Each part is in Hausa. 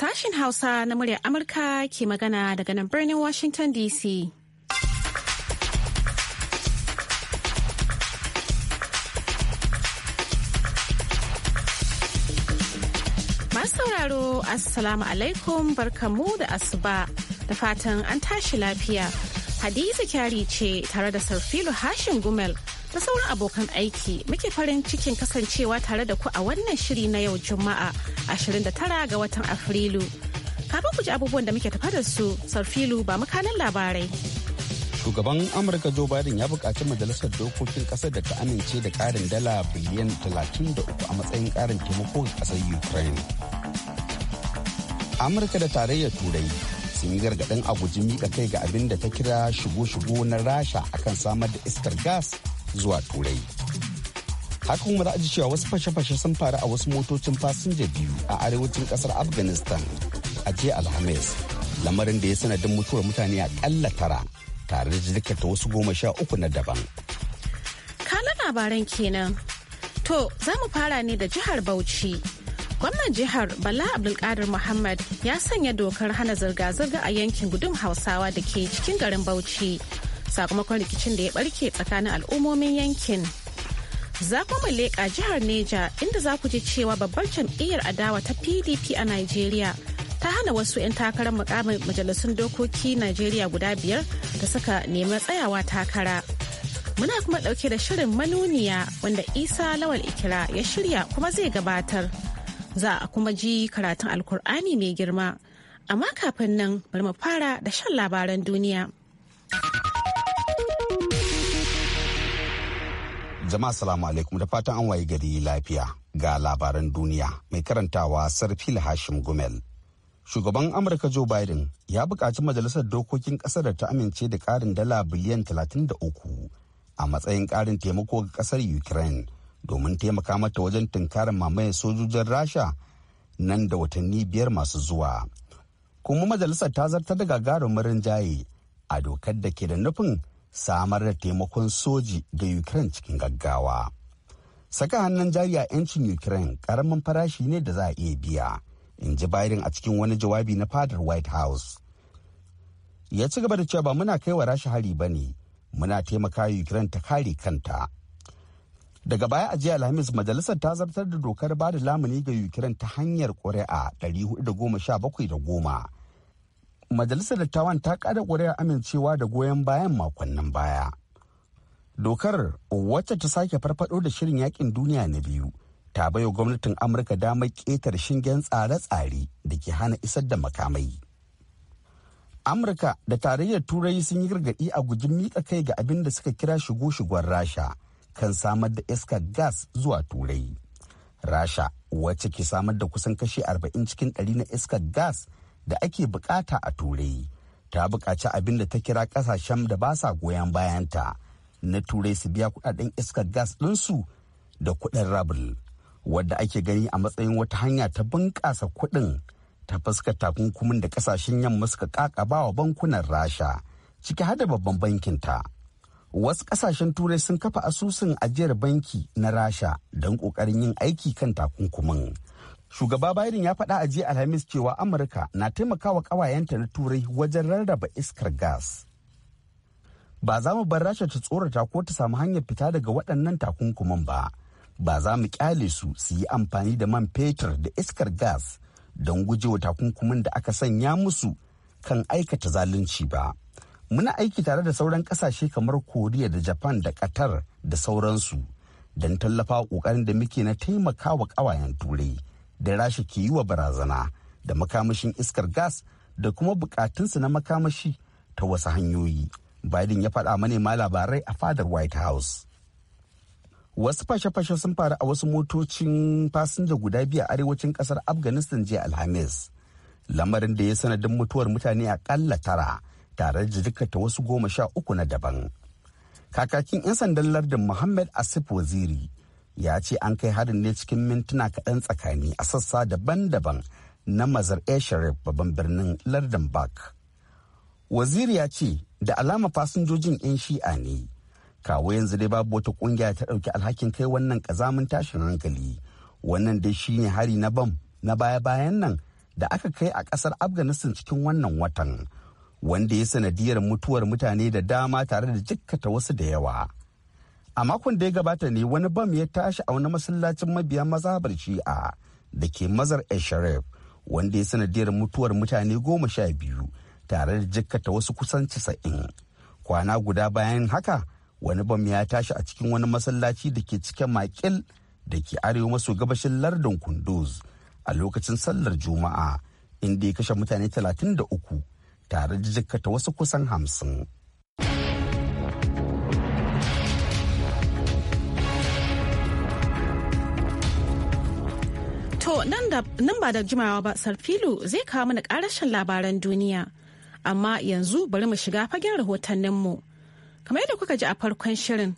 Sashin Hausa na muryar Amurka ke magana daga nan birnin Washington DC. Masu sauraro, Assalamu alaikum barkamu da asuba da fatan an tashi lafiya. Hadiza kyari ce tare da Sarfilu Hashin Gumel. ta sauran abokan aiki muke farin cikin kasancewa tare da ku a wannan shiri na yau juma'a 29 ga watan afrilu kafin ku ji abubuwan da muke tafa da su sarfilu ba makanan labarai shugaban amurka joe biden ya bukaci majalisar dokokin ƙasar da ta amince da karin dala biliyan 33 a matsayin karin taimako ga ƙasar ukraine amurka da tarayyar turai sun yi gargaɗin a guji miƙa kai ga abin da ta kira shigo-shigo na rasha akan samar da iskar gas zuwa turai haka kuma za a cewa wasu fashe-fashe sun faru a wasu motocin fasinja biyu a arewacin kasar afghanistan a jiya alhamis lamarin da ya sanadin mutuwar mutane a akalla tara tare da ta wasu goma sha uku na daban kanan labaran kenan to za mu fara ne da jihar bauchi gwamnan jihar bala abdulkadir muhammad ya sanya dokar hana zirga-zirga a yankin gudun hausawa da ke cikin garin bauchi sakamakon rikicin da ya barke tsakanin al'ummomin yankin. Za ku leƙa jihar Neja inda za ku ji cewa babbar jam'iyyar adawa ta PDP a Najeriya ta hana wasu 'yan takarar mukamin majalisun dokoki Najeriya guda biyar da suka nemi tsayawa takara. Muna kuma ɗauke da shirin manuniya wanda Isa Lawal Ikira ya shirya kuma zai gabatar. Za a kuma ji karatun Alkur'ani mai girma. Amma kafin nan bari mu fara da shan labaran duniya. Jama'a salamu alaikum da fatan an waye gari lafiya ga labaran duniya mai karantawa Sarfil Hashim Gumel. Shugaban Amurka Joe Biden ya buƙaci majalisar dokokin ƙasar da ta amince da ƙarin dala biliyan 33 a matsayin ƙarin taimako ga ƙasar Ukraine domin taimaka mata wajen tunkarar mamayar sojojin Rasha nan da watanni biyar masu zuwa. Kuma majalisar ta zartar da gagarumin rinjaye a dokar da ke da nufin samar da taimakon soji ga ukraine cikin gaggawa saka hannun jari a 'yancin ukraine karamin farashi ne da za a iya biya in ji biden a cikin wani jawabi na fadar white house ya ci gaba da cewa ba muna kai wa rasha hari ba ne muna taimaka ukraine ta kare kanta daga baya a jiya alhamis majalisar ta zartar da dokar ba da lamuni ga ukraine ta hanyar ƙuri'a 417 da goma majalisar dattawan ta kada ƙuri'ar amincewa da goyon bayan makonnin baya dokar wacce ta sake farfado da shirin yakin duniya na biyu ta baiwa gwamnatin amurka damar ƙetar shingen tsare-tsare da ke hana isar da makamai amurka da tarayyar turai sun yi gargaɗi a guji miƙa kai ga abin da suka kira shigo-shigon rasha kan samar da iskar gas zuwa turai rasha wacce ke samar da kusan kashi 40 cikin 100 na iskar gas da ake bukata a turai ta bukaci abin da ta kira kasashen da ba sa goyon bayanta na turai su biya kudaden iskar gas ɗinsu da kudin rabin wadda ake gani a matsayin wata hanya ta bunƙasa kuɗin ta fuskar takunkumin da kasashen yamma suka ƙaƙaba wa bankunan rasha ciki har da babban ta wasu kasashen turai sun kafa asusun ajiyar banki na rasha don kokarin yin aiki kan takunkumin Shugaba Biden ya faɗa a jiya Alhamis cewa Amurka na taimakawa ƙawayenta na Turai wajen rarraba iskar gas. Ba za mu bar Rasha ta tsorata ko ta samu hanyar fita daga waɗannan takunkuman ba. Ba za mu ƙyale su su yi amfani da man fetur da iskar gas don gujewa takunkumin da aka sanya musu kan aikata zalunci ba. Muna aiki tare da sauran ƙasashe kamar Koriya da Japan da Qatar da sauransu don tallafa ƙoƙarin da muke na taimakawa ƙawayen Turai. da rasha ke yi wa barazana da makamashin iskar gas da kuma bukatunsu na makamashi ta wasu hanyoyi biden ya faɗa manema labarai a fadar white house wasu fashe-fashe sun faru a wasu motocin fasinja guda biyu a arewacin kasar afghanistan jiya alhamis lamarin da ya sanadin mutuwar mutane akalla tara tare da ta wasu goma sha uku na daban kakakin 'yan sandan lardin muhammad asif waziri ya ce an kai harin ne cikin mintuna kaɗan tsakani a sassa daban-daban na mazar sharif babban birnin lardin bak waziri ya ce da alama fasinjojin 'yan shi'a ne kawo yanzu dai babu wata kungiya ta ɗauki alhakin kai wannan ƙazamin tashin hankali wannan dai shine hari na bam na baya-bayan nan da aka kai a ƙasar afghanistan cikin wannan watan wanda ya sanadiyar mutuwar mutane da dama tare da jikkata wasu da yawa. a makon da ya gabata ne wani bam ya tashi a wani masallacin mabiya mazhabar shi'a da ke mazar sharif wanda ya sanadiyar mutuwar mutane goma sha biyu tare da jikkata wasu kusan casa'in kwana guda bayan haka wani bam ya tashi a cikin wani masallaci da ke cikin makil da ke arewa maso gabashin lardin kunduz a lokacin sallar juma'a inda ya kashe mutane talatin da uku tare da jikkata wasu kusan hamsin. nan ba da jimawa ba Sarfilu zai kawo mana karashin labaran duniya. Amma yanzu bari mu shiga fagen rahotanninmu. Kamar yadda kuka ji a farkon shirin,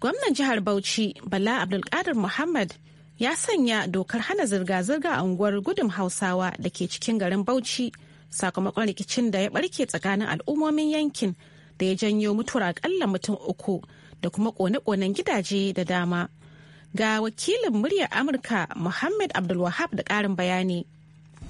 gwamnan jihar Bauchi Bala Abdulkadir Muhammad ya sanya dokar hana zirga-zirga a unguwar gudun Hausawa da ke cikin garin Bauchi sakamakon rikicin da ya barke tsakanin al'ummomin yankin da ya janyo mutuwar akalla mutum uku da kuma kone-konen gidaje da dama. Ga wakilin muryar Amurka Muhammad Abdulwahab da ƙarin bayani.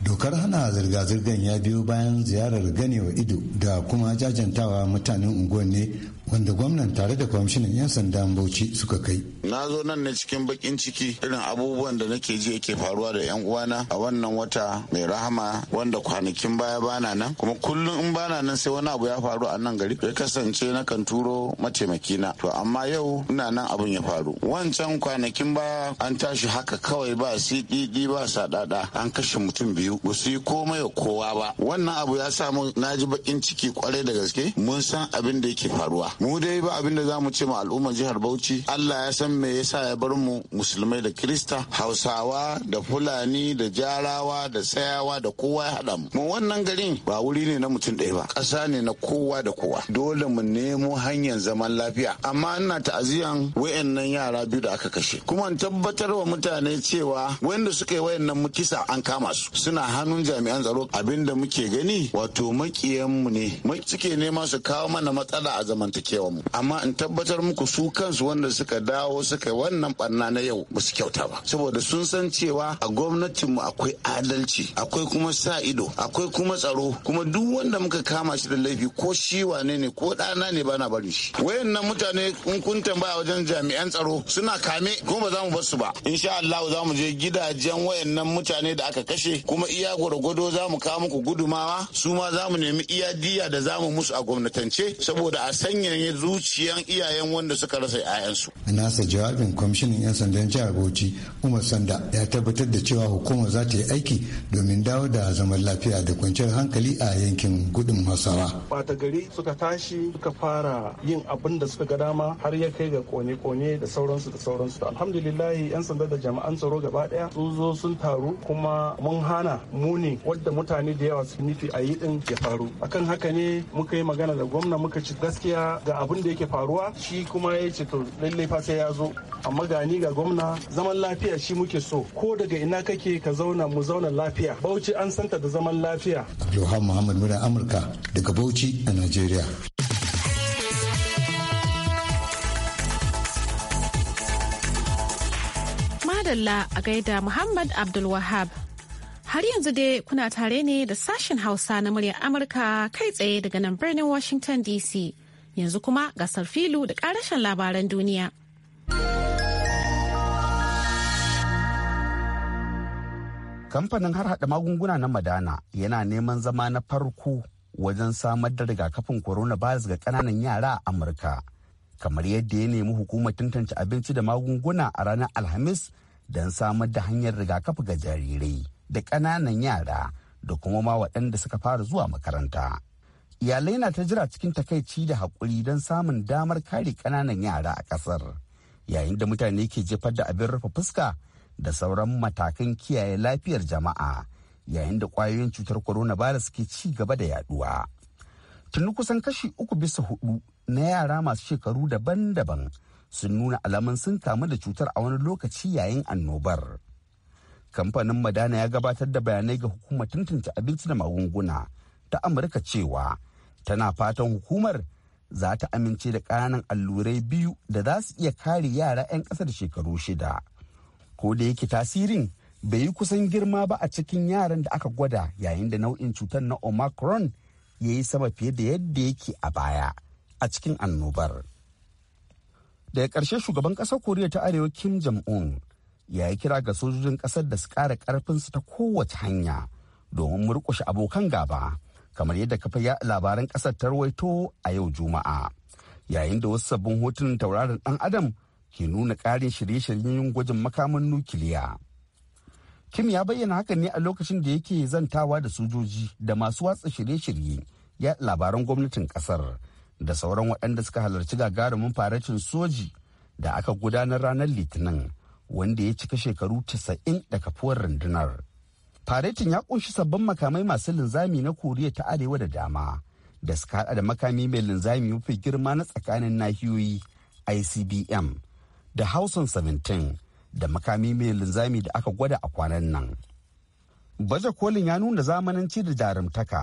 dokar hana zirga-zirgar ya biyo bayan ziyarar ganewa ido da kuma jajantawa mutanen unguwanni. wanda gwamnan tare da kwamishinan 'yan sandan bauchi suka kai. Na zo nan ne cikin bakin ciki irin abubuwan da nake ji yake faruwa da 'yan uwana a wannan wata mai rahama wanda kwanakin baya bana nan kuma kullum in bana nan sai wani abu ya faru a nan gari ya kasance na kan turo mataimakina to amma yau ina nan abun ya faru wancan kwanakin baya an tashi haka kawai ba siɗiɗi ba saɗaɗa an kashe mutum biyu ba su yi komai kowa ba wannan abu ya samu na ji bakin ciki kwarai da gaske mun san abin da yake faruwa mu dai ba abin da za mu ce ma al'ummar jihar Bauchi Allah ya san me yasa ya bar mu musulmai da Kirista Hausawa da Fulani da Jarawa da tsayawa da kowa ya hada mu mu wannan garin ba wuri ne na mutum ɗaya ba ƙasa ne na kowa da kowa dole mu nemo hanyar zaman lafiya amma ina ta'aziyan wayannan yara biyu da aka kashe kuma in tabbatar wa mutane cewa wanda suka yi wayannan kisa an kama su suna hannun jami'an tsaro abinda muke gani wato makiyan mu ne suke nema su kawo mana matsala a zamantake zamantakewar mu amma in tabbatar muku su kansu wanda suka dawo suka wannan barna na yau ba su kyauta ba saboda sun san cewa a gwamnatin mu akwai adalci akwai kuma sa ido akwai kuma tsaro kuma duk wanda muka kama shi da laifi ko shi wane ne ko ɗana ne bana bari shi wayannan mutane in kun tambaya wajen jami'an tsaro suna kame kuma ba za mu bar ba insha Allah za mu je gidajen wayannan mutane da aka kashe kuma iya gwargwado za mu kawo muku gudumawa su ma za mu nemi iya diya da za mu musu a gwamnatance saboda a sanya ainihin zuciyan iyayen wanda suka rasa 'ya'yansu. a nasa jawabin kwamishinan 'yan sandan jihar bauchi umar sanda ya tabbatar da cewa hukumar za ta yi aiki domin dawo da zaman lafiya da kwanciyar hankali a yankin gudun masawa. bata gari suka tashi suka fara yin abin da suka ga dama har ya kai ga kone-kone da sauransu da sauransu alhamdulillahi 'yan sanda da jama'an tsaro gaba daya sun zo sun taru kuma mun hana muni wadda mutane da yawa su nufi a yi din ya faru akan haka ne muka yi magana da gwamna muka ci gaskiya ga abin da yake faruwa shi kuma ya ce to lalle fa sai ya zo amma ga ni ga gwamna zaman lafiya shi muke so ko daga ina kake ka zauna mu zauna lafiya bauchi an santa da zaman lafiya abdulhamid muhammad muna amurka daga bauchi a nigeria madalla a gaida muhammad abdulwahab Har yanzu dai kuna tare ne da sashen Hausa na muryar Amurka kai tsaye daga nan birnin Washington DC. Yanzu kuma gasar filu da karashen labaran duniya. Kamfanin har hada magunguna na Madana yana neman zama na farko wajen samar da rigakafin coronavirus ga ƙananan yara a Amurka. Kamar yadda ya nemi hukumar tantance abinci da magunguna a ranar Alhamis don samar da hanyar rigakafi ga jarirai da ƙananan yara da kuma ma waɗanda suka fara zuwa makaranta. iyalai na ta jira cikin takaici da haƙuri don samun damar kare ƙananan yara a ƙasar yayin da mutane ke jefar da abin rufe fuska da sauran matakan kiyaye lafiyar jama'a yayin da ƙwayoyin cutar coronavirus ke ci gaba da yaduwa tuni kusan kashi uku bisa hudu na yara masu shekaru daban-daban sun nuna alamun sun kamu da cutar a wani lokaci yayin annobar kamfanin madana ya gabatar da bayanai ga hukumar tantance abinci da magunguna ta amurka cewa tana fatan hukumar za ta amince da ƙananan allurai biyu da za su iya kare yara 'yan ƙasar shekaru shida ko da yake tasirin bai yi kusan girma ba a cikin yaran da aka gwada yayin da nau'in cutar na omicron ya yi sama fiye da yadda yake a baya a cikin annobar daga ƙarshe shugaban ƙasar koriya ta arewa kim jong-un ya yi kira ga sojojin ƙasar da su ƙara ƙarfinsu ta kowace hanya domin murƙushe abokan gaba kamar yadda kafa ya labaran kasar tarwaito a yau juma'a yayin da wasu sabbin hotunan tauraron dan adam ke nuna ƙarin shirye-shiryen gwajin makaman nukiliya kim ya bayyana haka ne a lokacin da yake zantawa da sojoji da masu watsa shirye-shirye ya labaran gwamnatin kasar da sauran waɗanda suka halarci gagarumin faracin soji da aka gudanar ranar litinin wanda ya cika shekaru 90 da kafuwar rundunar faretin ya kunshi sabbin makamai masu linzami na koriya ta arewa da dama da suka hada da makami mai linzami mafi girma na tsakanin nahiyoyi icbm da hausan 17 da makami mai linzami da aka gwada a kwanan nan baje kolin ya nuna zamananci da jarumtaka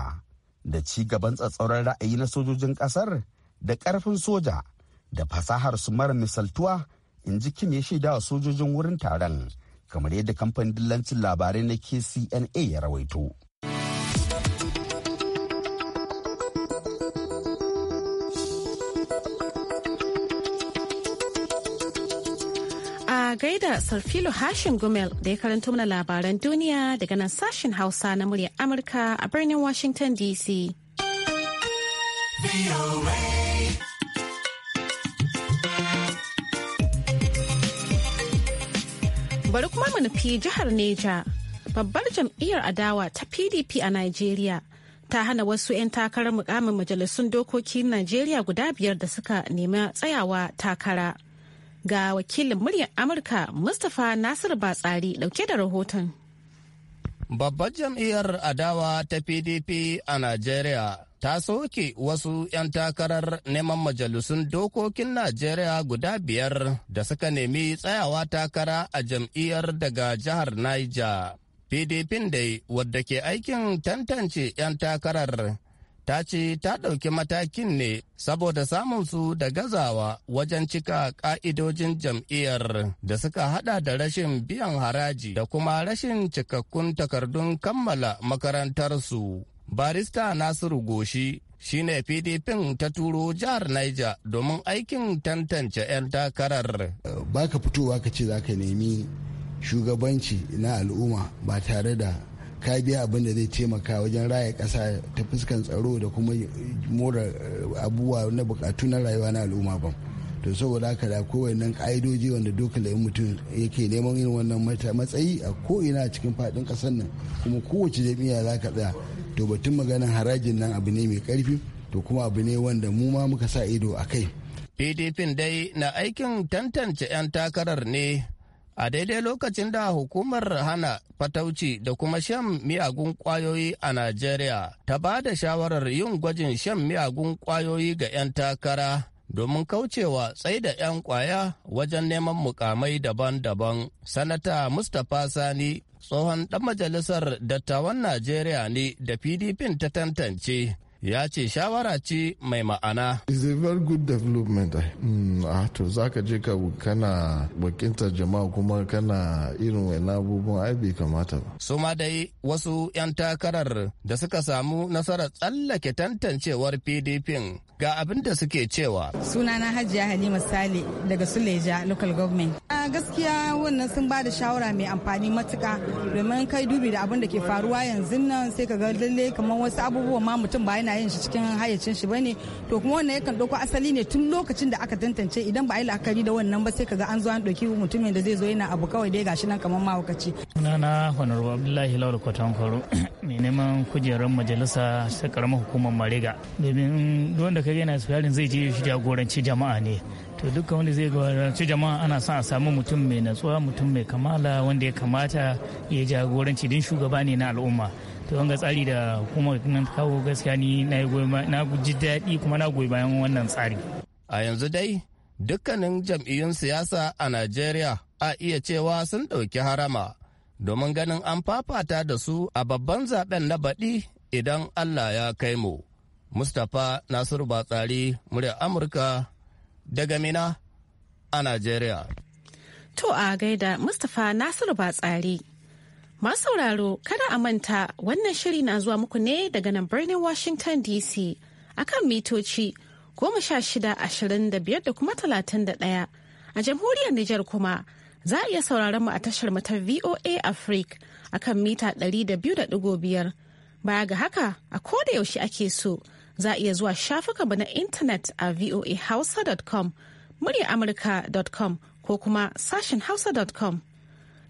da ci gaban tsatsauran ra'ayi na sojojin kasar da karfin soja da fasahar su mara misaltuwa in ji kim ya shaida wa sojojin wurin taron kamar yadda kamfanin dillancin labarai na kcna ya rawaito a gaida sarfilo hashin gumel da ya karanto mana labaran duniya daga nan sashen hausa na muryar amurka a birnin washington dc bari kuma mu nufi jihar neja babbar jam'iyyar adawa ta pdp a najeriya ta hana wasu 'yan takarar mukamin majalisun dokokin najeriya guda biyar da suka nemi tsayawa takara ga wakilin muryar amurka mustapha nasir batsari dauke da rahoton babbar jam'iyyar adawa ta pdp a najeriya ta soke wasu 'yan takarar neman majalisun dokokin Najeriya guda biyar da suka nemi tsayawa takara a jam'iyyar daga jihar Niger. PDP dai wadda ke aikin tantance 'yan takarar ta ce ta ɗauki matakin ne saboda samun su da gazawa wajen cika ƙa'idojin jam'iyyar da suka hada da rashin biyan haraji da kuma rashin cikakkun takardun kammala makarantarsu. barista nasiru goshi shine pdp ta turo jihar niger domin aikin tantance 'yan takarar baka fitowa ka ce za ka nemi shugabanci na al'umma ba tare da ka biya abin da zai taimaka wajen raya ƙasa ta fuskan tsaro da kuma more abubuwa na bukatu na rayuwa na al'umma ba to saboda haka da kowai nan ka'idoji wanda doka da mutum yake neman yin wannan matsayi a ko'ina cikin faɗin ƙasar nan kuma kowace jami'a za ka tsaya to batun maganin harajin nan abu ne mai karfi to kuma abu ne wanda mu ma muka sa ido a kai pdp dai na aikin tantance 'yan takarar ne a daidai lokacin da hukumar hana fatauci da kuma shan miyagun kwayoyi a najeriya ta ba da shawarar yin gwajin shan miyagun kwayoyi ga 'yan takara domin kaucewa tsaida 'yan kwaya wajen neman mukamai daban-daban. Sanata Mustapha Sani tsohon ɗan majalisar dattawan Najeriya ne da PDP ta tantance ya ce shawara ce mai ma'ana. is a very good development mm, ah, to za ka je ka kana wakiltar jama'a kuma kana irin wani abubuwan ai kamata ba. su ma dai wasu 'yan takarar da suka samu nasarar tsallake tantancewar pdp ga abin da suke cewa. sunana hajiya halima sale daga suleja local government. gaskiya wannan sun ba da shawara mai amfani matuka domin kai dubi da abin da ke faruwa yanzu nan sai ka ga lalle kamar wasu abubuwa ma mutum ba yana yin shi cikin hayyacin shi bane to kuma wannan yakan dauko asali ne tun lokacin da aka tantance idan ba a yi la'akari da wannan ba sai ka ga an zo an dauki mutumin da zai zo yana abu kawai dai gashi nan kamar mahaukaci. sunana honorable abdullahi laura kwatankwaro mai neman kujerar majalisa ta karamar hukumar mariga domin duk wanda ka yana su yarin zai je shi jagoranci jama'a ne to duka wanda zai gwaranci jama'a ana son a samu mutum mai natsuwa mutum mai kamala wanda ya kamata ya jagoranci din shugaba ne na al'umma to wanga tsari da kuma nan kawo gaskiya ni na ji daɗi kuma na goyi bayan wannan tsari a yanzu dai dukkanin jam'iyyun siyasa a najeriya a iya cewa sun ɗauki harama domin ganin an fafata da su a babban zaben na baɗi idan allah ya kai mu mustapha nasiru batsari murya amurka daga Mina a Najeriya. To a gaida Mustapha Nasiru Batsari. Masu sauraro kada a manta wannan shiri na zuwa muku ne daga nan birnin Washington DC akan mitoci goma sha shida ashirin da biyar da kuma talatin da ɗaya. A jamhuriyar Nijar kuma za a iya sauraron mu a tashar mu ta VOA Africa akan mita ɗari da biyu da ɗigo biyar. Baya ga haka a koda yaushe ake so za a iya zuwa shafukanmu na intanet a voahausa.com amurka.com ko kuma sashen hausa.com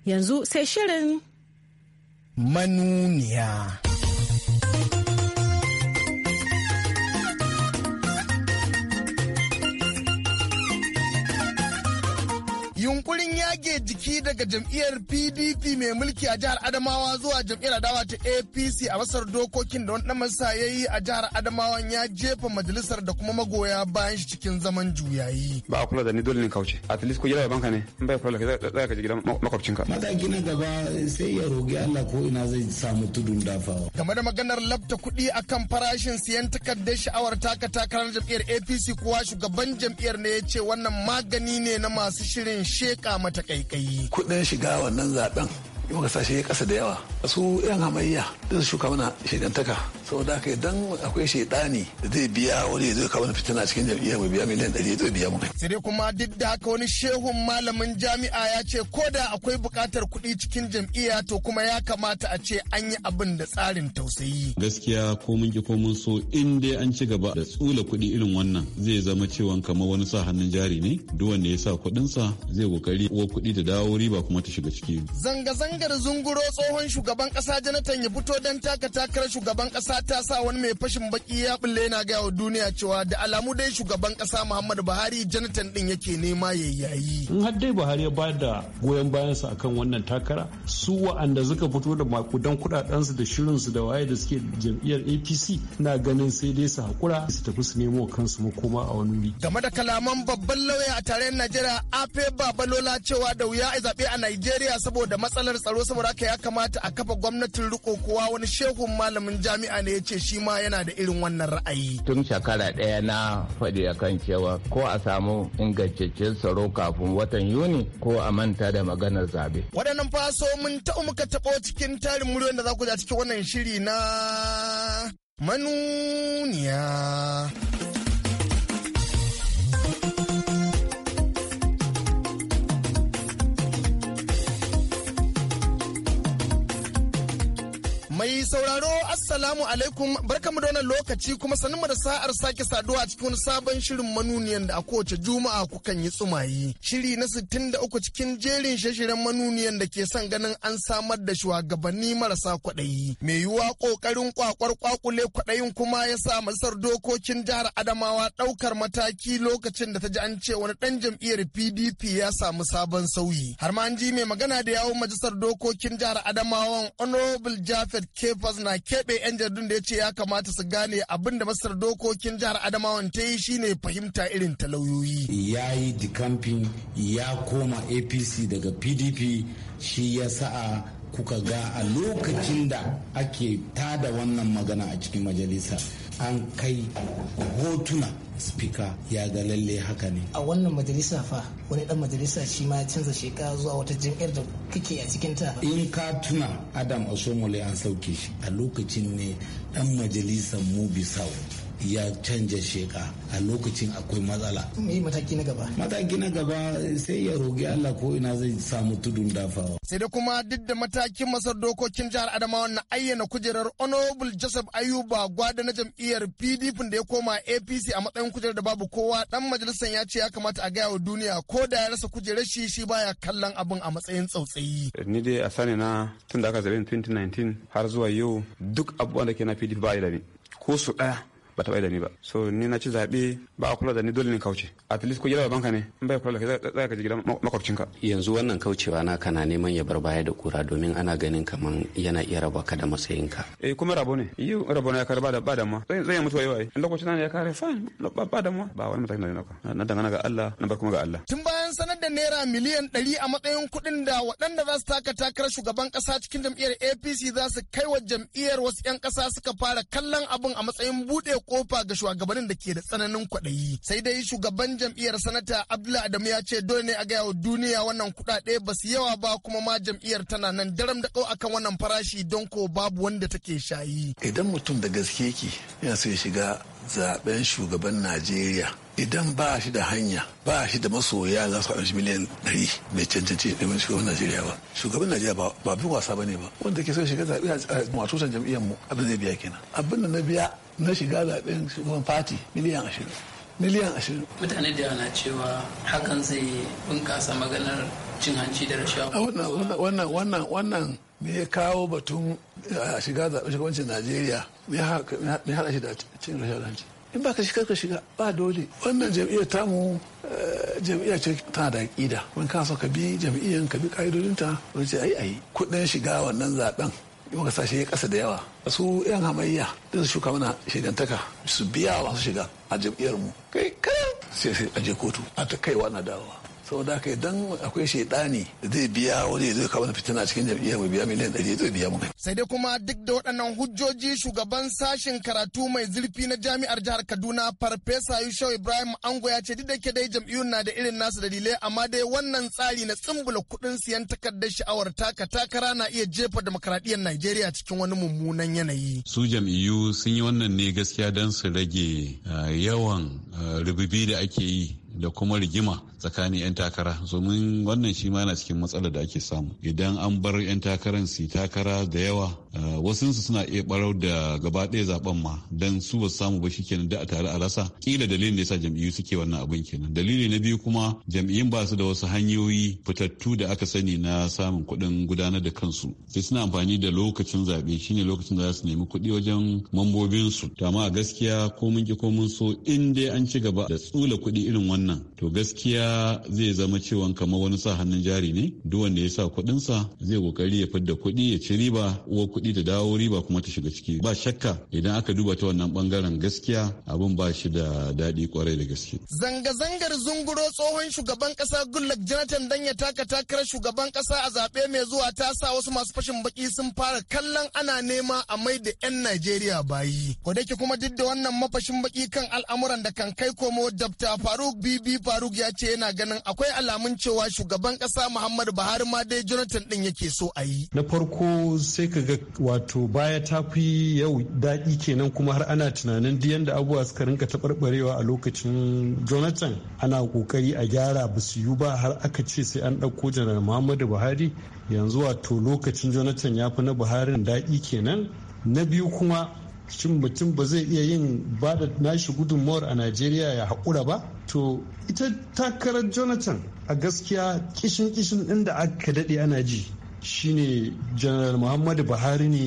yanzu sai shirin manuniya yunkurin yage jiki daga jam'iyyar pdp mai mulki a jihar adamawa zuwa jam'iyyar adawa ta apc a masar dokokin da wani masa ya yi a jihar adamawa ya jefa majalisar da kuma magoya bayan shi cikin zaman juyayi ba a kula da ni dole ne kauce at least ko jira banka ne in bai kula da za ka ji gidan makwabcinka mataki na gaba sai ya rogi Allah ko ina zai samu tudun dafawa game da maganar labta kuɗi akan farashin siyan takardar sha'awar taka takarar jam'iyyar apc kuwa shugaban jam'iyyar ne ya ce wannan magani ne na masu shirin sheka mata kaikayi. Kuɗin shiga wannan zaɓen muka sashe kasa da yawa su yan hamayya da su shuka mana shigantaka saboda haka idan akwai shaidani da zai biya wani zai kawo fitina cikin jam'iyyar mai biya miliyan ɗari zai biya mu sai dai kuma duk da haka wani shehun malamin jami'a ya ce ko da akwai buƙatar kuɗi cikin jam'iyya to kuma ya kamata a ce an yi abin da tsarin tausayi gaskiya ko mun ki ko mun so in dai an ci gaba da tsula kuɗi irin wannan zai zama cewa kamar wani sa hannun jari ne duk wanda ya sa kuɗinsa zai kokari uwa kuɗi da dawo riba kuma ta shiga ciki zanga-zanga bangar zunguro tsohon shugaban kasa Jonathan ya fito don taka takarar shugaban kasa ta sa wani mai fashin baki ya bulle na gaya wa duniya cewa da alamu dai shugaban kasa Muhammadu Buhari Jonathan din yake nema ya yayi. In har dai Buhari ya bayar da goyon bayansa akan wannan takara su wa'anda suka fito da makudan su da shirinsu da waye da suke jam'iyyar APC na ganin sai dai su hakura su tafi su nemo kansu makoma a wani wuri. Game da kalaman babban lauya a tarayyar Najeriya Afe Babalola cewa da wuya a zaɓe a Najeriya saboda matsalar tsaro saboda haka ya kamata a kafa gwamnatin riko kowa wani shehun malamin jami'a ne ya ce shi ma yana da irin wannan ra'ayi. Tun shekara ɗaya na faɗi a kan cewa ko a samu ingantaccen tsaro kafin watan Yuni ko a manta da maganar zabe. Waɗannan faso mun taɓa muka taɓo cikin tarin muryoyin da za ku ja cikin wannan shiri na manuniya. Mai sauraro Assalamu alaikum barkamu da wannan lokaci kuma sanin da sa'ar sake saduwa a cikin sabon shirin manuniyan da a kowace juma'a kukan yi tsumayi. Shiri na sittin da uku cikin jerin shashiren manuniyan da ke son ganin an samar da shugabanni marasa kwaɗayi. Mai yiwuwa ƙoƙarin kwakwar kwakule kwaɗayin kuma ya sa masar dokokin jihar Adamawa ɗaukar mataki lokacin da ta ji an ce wani ɗan jam'iyyar PDP ya samu sabon sauyi. Har ma an ji mai magana da yawon majalisar dokokin jihar adamawa Honorable Jafet Kefas na keɓe 'yan jaridun da ya ce ya kamata su gane abin da masar dokokin jihar Adamawan ta yi shine fahimta irin talauyoyi. Ya yi dikamfin ya koma APC daga PDP shi ya sa'a kuka ga a lokacin da ake tada wannan magana a cikin majalisa an kai hotuna spika ya ga lalle haka ne a wannan majalisa fa wani dan majalisa shi ma canza shekara zuwa wata jam'iyyar da kake a cikin ta in ka tuna adam osomole an sauke shi a lokacin ne dan majalisar mu bisau ya canja sheka a lokacin akwai matsala. Me mataki na gaba? Mataki na gaba sai ya rogi Allah ko ina zai samu tudun dafawa. Sai da kuma duk da matakin masar dokokin jihar Adamawa na ayyana kujerar Honorable Joseph Ayuba gwada na jam'iyyar PDP da ya koma APC a matsayin kujerar da babu kowa dan majalisar ya ce ya kamata a gaya wa duniya ko da ya rasa kujerar shi shi baya kallon abin a matsayin tsautsayi. Ni dai a sani na tun da aka zabe 2019 har zuwa yau duk abubuwan da ke na PDP ba da ni ko su ɗaya ba ta bai da ni ba so ni na ci zaɓe ba a kula da ni dole ne kauce at least ko gida banka ne in bai kula da kai za ka ji gidan makwabcinka yanzu wannan kaucewa na kana neman ya bar baya da kura domin ana ganin kaman yana iya raba ka da matsayinka eh kuma rabo ne yi rabo na ya kare ba da ba da ma zai yi mutuwa yawa in lokacin na ya kare fine ba da ma ba wani mutum da na na dangana ga Allah na bar kuma ga Allah tun bayan sanar da naira miliyan 100 a matsayin kuɗin da waɗanda za su taka takarar shugaban ƙasa cikin jam'iyyar APC za su kai wa jam'iyyar wasu 'yan ƙasa suka fara kallon abin a matsayin buɗe kofa ga shugabannin da ke da tsananin kwaɗayi sai dai shugaban jam'iyyar sanata abdullahi adamu ya ce dole ne a gaya wa duniya wannan kuɗaɗe ba su yawa ba kuma ma jam'iyyar tana nan daram da akan wannan farashi don ko babu wanda take shayi idan mutum da gaske yake yana sai shiga zaben shugaban najeriya idan ba shi da hanya ba shi da masoya za su amshi miliyan 100 mai cancanci mai shugaban najeriya ba shugaban najeriya ba bin wasa ba ne ba wanda ke so shiga zaɓe a matutan jam'iyyar mu abin zai biya kenan abin da na biya na shiga zaɓen shugaban fati miliyan ashirin miliyan ashirin mutane da na cewa hakan zai bunkasa maganar cin hanci da rashawa wannan wannan wannan me ya kawo batun eh, shiga zaɓen shugabancin najeriya me haɗa shi da cin rashawa da hanci in ba ka shiga ka shiga ba dole wannan jam'iyyar tamu eh, jam'iyyar ce tana da ƙida wani so ka bi jam'iyyar ka bi ƙa'idodinta wani ce ai ai kuɗin shiga wannan zaɓen kasashe sashe kasa da yawa A su yan hamayya da su shuka mana shigantaka su biya masu shiga a jam'iyyar mu kai kai sai sai aje kotu a ta kaiwa na dawowa saboda haka idan akwai shaidani zai biya wani zai kawo fitina cikin jam'iyyar mai biya miliyan ɗari zai biya mu sai dai kuma duk da waɗannan hujjoji shugaban sashen karatu mai zurfi na jami'ar jihar kaduna farfesa yushau ibrahim ango ya ce duk da ke dai jam'iyyun na da irin nasu dalilai amma dai wannan tsari na tsimbula kuɗin siyan takardar sha'awar taka takara na iya jefa demokaradiyyar najeriya cikin wani mummunan yanayi su jam'iyyu sun yi wannan ne gaskiya don su rage eh, yawan eh, rububi da ake yi da kuma rigima tsakanin 'yan takara domin wannan shi ma yana cikin matsalar da ake samu idan an bar 'yan takaran su takara da yawa Eh, wasunsu suna iya barau da gaba ɗaya zaben ma don su ba samu ba shikenan da a tare a rasa kila dalilin da yasa jam'iyyu suke wannan abin kenan dalili na biyu kuma jam'iyyun ba su da wasu hanyoyi fitattu da aka sani na samun kuɗin gudanar da kansu sai suna amfani da lokacin zaɓe shine lokacin da za su nemi kuɗi wajen mambobinsu to amma gaskiya ko mun ki ko mun so in dai an ci gaba da tsula kuɗi irin wannan to gaskiya zai zama cewa kamar wani sa hannun jari ne duk wanda ya sa kuɗinsa zai kokari ya fidda kuɗi ya ci riba uwar kuɗi kuɗi da dawo riba kuma ta shiga ciki ba shakka idan aka duba ta wannan bangaren gaskiya abin ba shi da daɗi kwarai da gaske. Zanga-zangar zunguro tsohon shugaban kasa gullak Jonathan dan ya taka takarar shugaban kasa a zaɓe mai zuwa ta sa wasu masu fashin baki sun fara kallon ana nema a mai da 'yan Najeriya bayi. Kodake kuma duk da wannan mafashin baki kan al'amuran da kan kai komo Dr. Faruk Bibi Faruk ya ce yana ganin akwai alamun cewa shugaban ƙasa Muhammadu Buhari ma dai Jonathan din yake so a yi. Na farko sai ka ga wato baya ta fi yau daɗi kenan kuma har ana tunanin duk yadda abubuwa suka rinka taɓarɓarewa a lokacin jonathan ana ƙoƙari a gyara ba su yi ba har aka ce sai an ɗauko janar muhammadu buhari yanzu wato lokacin jonathan ya fi na buharin daɗi kenan na biyu kuma shin mutum ba zai iya yin ba da nashi gudunmawar a najeriya ya haƙura ba to ita takarar jonathan a gaskiya kishin kishin ɗin da aka daɗe ana ji shine janar muhammadu buhari ne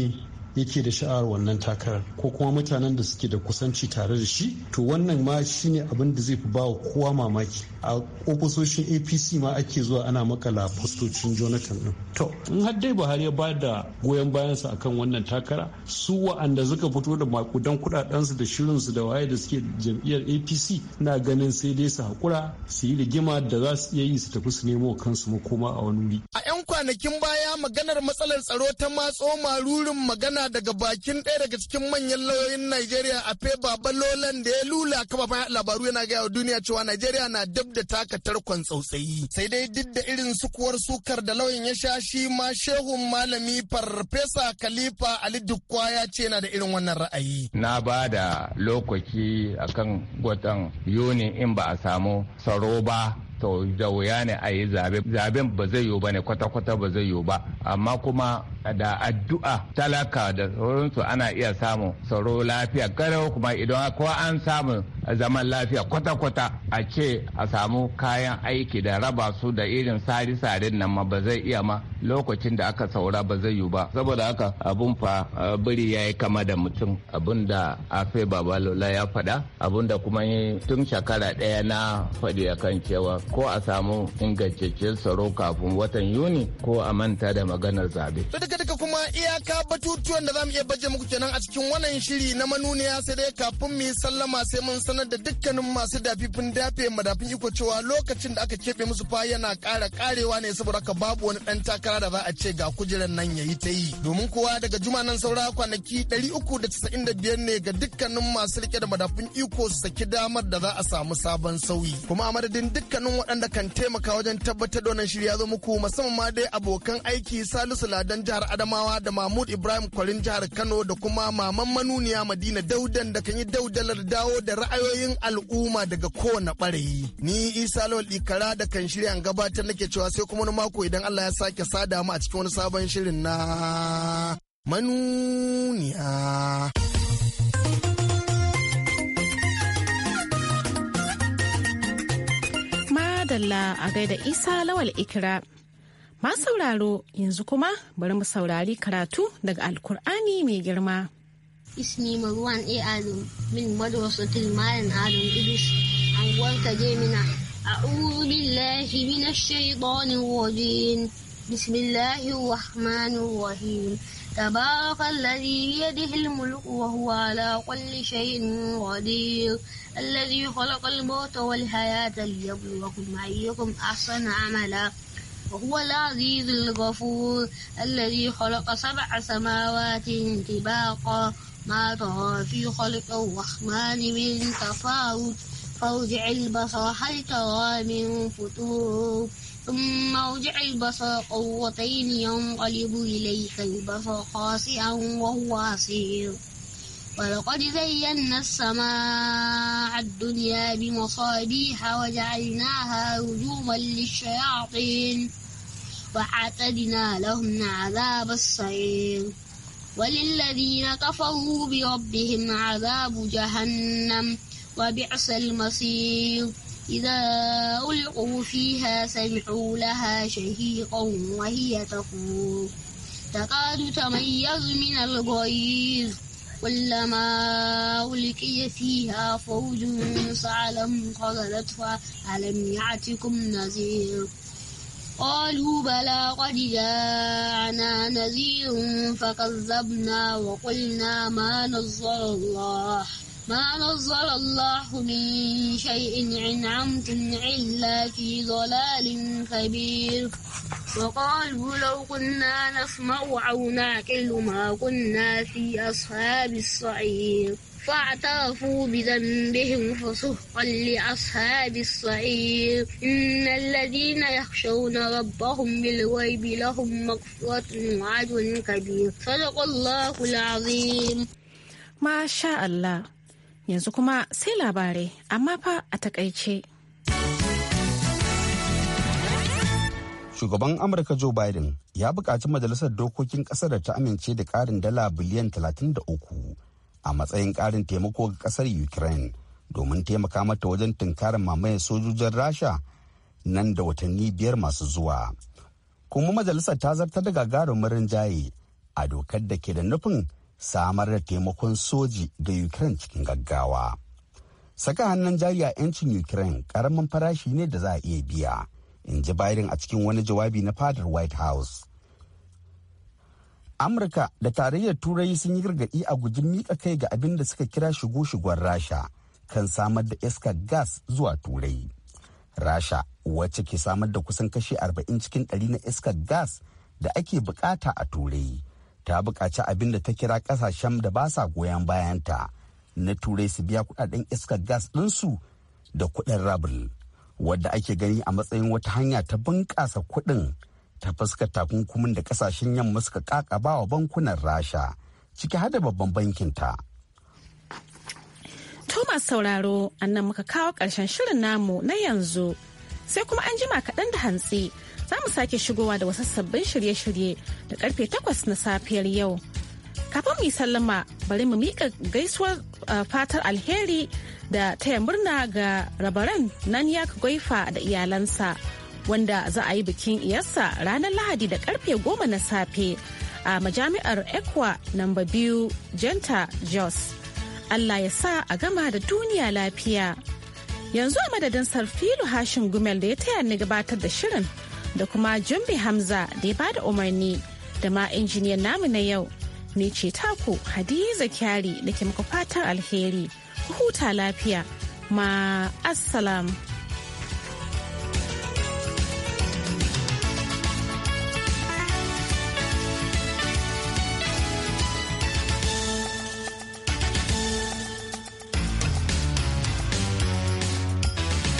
yake da sha'awar wannan takarar ko kuma mutanen da suke da kusanci tare da shi to wannan ma shine abin da zai fi bawa kowa mamaki a ofisoshin apc ma ake zuwa ana makala fastocin jonathan din to in har dai buhari ya bada goyon bayansa akan wannan takara su wa'anda suka fito da makudan kudadensu da shirinsu da waye da suke jam'iyyar apc na ganin sai dai su hakura su yi rigima da za su iya yi su tafi su nemo kansu makoma a wani wuri a 'yan kwanakin baya maganar matsalar tsaro ta matso marurin magana Yana daga bakin ɗaya daga cikin manyan lauyoyin Najeriya a fe Babalolan da ya lula kafafen labaru yana gaya wa duniya cewa Najeriya na dab da taka tarkon tsautsayi. Sai dai duk da irin sukuwar sukar da lauyan ya sha shi ma shehun malami farfesa kalifa Ali Dukwa ya ce yana da irin wannan ra'ayi. Na ba da lokaci akan gwatan Yuni in ba a samu tsaro ba to da wuya ne a yi zabe zaben ba zai yiwu ba ne kwata-kwata ba zai yiwu ba amma kuma da addu'a talaka da sauransu ana iya samun tsaro lafiya garau kuma idan ko an samu zaman lafiya kwata-kwata a ce a samu kayan aiki da raba su da irin sari-sarin nan ma ba zai iya ma lokacin da aka saura ba zai yiwu ba saboda haka abun fa biri ya yi kama da mutum abun da afe babalola ya faɗa abun da kuma tun shekara ɗaya na faɗi akan cewa ko a samu ingantacciyar tsaro kafin watan yuni ko a manta da maganar zabe. to daga daga kuma iyaka batutuwan da za mu iya baje muku kenan a cikin wannan shiri na manuniya sai dai kafin mu yi sallama sai mun sanar da dukkanin masu dafifin dafe madafin iko cewa lokacin da aka keɓe musu fa yana ƙara ƙarewa ne saboda ka babu wani ɗan takara da za a ce ga kujeran nan yayi ta yi domin kuwa daga juma nan saura kwanaki 395 ne ga dukkanin masu rike da madafin iko su saki damar da za a samu sabon sauyi kuma a madadin dukkanin waɗanda kan taimaka wajen tabbatar da wannan shiri ya zo muku musamman ma dai abokan aiki Salisu Ladan jihar Adamawa da Mahmud Ibrahim Kwarin jihar Kano da kuma Maman Manuniya Madina Daudan da kan yi daudalar dawo da ra'ayoyin al'umma daga kowane ɓarayi. Ni Isa Lawal Ikara da kan shirya gabatar nake cewa sai kuma wani mako idan Allah ya sake sada mu a cikin wani sabon shirin na manuniya. madalla a gaida isa lawal ikira ma sauraro yanzu kuma bari mu saurari karatu daga alkur'ani mai girma ismi marwan a adam min madrasatil malam adam idris anguwar kajemina أعوذ billahi, من الشيطان الرجيم بسم الله الرحمن الرحيم تبارك الذي بيده الملك وهو على كل شيء قدير الذي خلق الموت والحياة ليبلوكم أيكم أحسن عملا وهو العزيز الغفور الذي خلق سبع سماوات طباقا ما ترى في خلق الرحمن من تفاوت فارجع البصر هل ترى من فتور ثم ارجع البصر قوتين ينقلب إليك البصر خاسئا وهو عسير ولقد زينا السماء الدنيا بمصابيح وجعلناها رجوما للشياطين وأعتدنا لهم عذاب السعير وللذين كفروا بربهم عذاب جهنم وبئس المصير إذا ألقوا فيها سمعوا لها شهيقا وهي تقول تكاد تميز من الغيظ والماء ألقي فيها فوج سألهم قتلتها ألم يعتكم نذير قالوا بلى قد جاءنا نذير فكذبنا وقلنا ما نزل الله ما نزل الله من شيء إن عمت إلا في ضلال كبير وقالوا لو كنا نسمع أو نعقل ما كنا في أصحاب الصعير فاعترفوا بذنبهم فسحقا لأصحاب الصعير إن الذين يخشون ربهم بالغيب لهم مغفرة وعدل كبير صدق الله العظيم ما شاء الله yanzu kuma sai labarai amma fa a takaice. shugaban amurka joe biden ya buƙaci majalisar dokokin ƙasar da ta amince da ƙarin dala biliyan 33 a matsayin ƙarin taimako ga ƙasar ukraine domin taimaka mata wajen tunkarar mamayar sojojin rasha nan da watanni biyar masu zuwa kuma majalisar ta zartar da gagarumin rinjaye a dokar da ke da nufin samar da taimakon soji ga ukraine cikin gaggawa saka hannun jari a 'yancin ukraine ƙaramin farashi ne da za a iya biya in ji Biden a cikin wani jawabi na fadar White House. Amurka da tarayyar Turai sun yi gargaɗi a gujin miƙa kai ga abin da suka kira shigo-shigon Rasha kan samar da iskar gas zuwa Turai. Rasha wacce ke samar da kusan kashe 40 cikin 100 na iskar gas da ake bukata a Turai. Ta buƙaci abin da ta kira ƙasashen da ba sa goyon bayanta na Turai su biya kudaden iskar gas ɗinsu da kuɗin rabul. wadda ake gani a matsayin wata hanya ta bunƙasa kuɗin ta fuskar takunkumin da kasashen yamma suka kakaba wa bankunan rasha ciki hada babban bankin ta. Thomas sauraro annan muka kawo ƙarshen shirin namu na yanzu sai kuma an jima kaɗan da hantsi za mu sake shigowa da wasu sabbin shirye-shirye da karfe takwas na safiyar yau. Kafin mu yi sallama bari mu miƙa gaisuwar eh, fatar alheri da taya murna ga rabaran nan ya gwaifa da iyalansa wanda za a yi bikin iyarsa ranar lahadi da karfe goma na safe a majami'ar ekwa namba biyu jenta jos allah ya sa a gama da duniya lafiya yanzu a madadin sarfilu hashim gumel da ya taya ni gabatar da shirin da kuma jumbi hamza da ya bada umarni da ma injiniyan namu na yau ne ce taku hadiza kyari da ke fatan alheri huta lafiya ma assalamu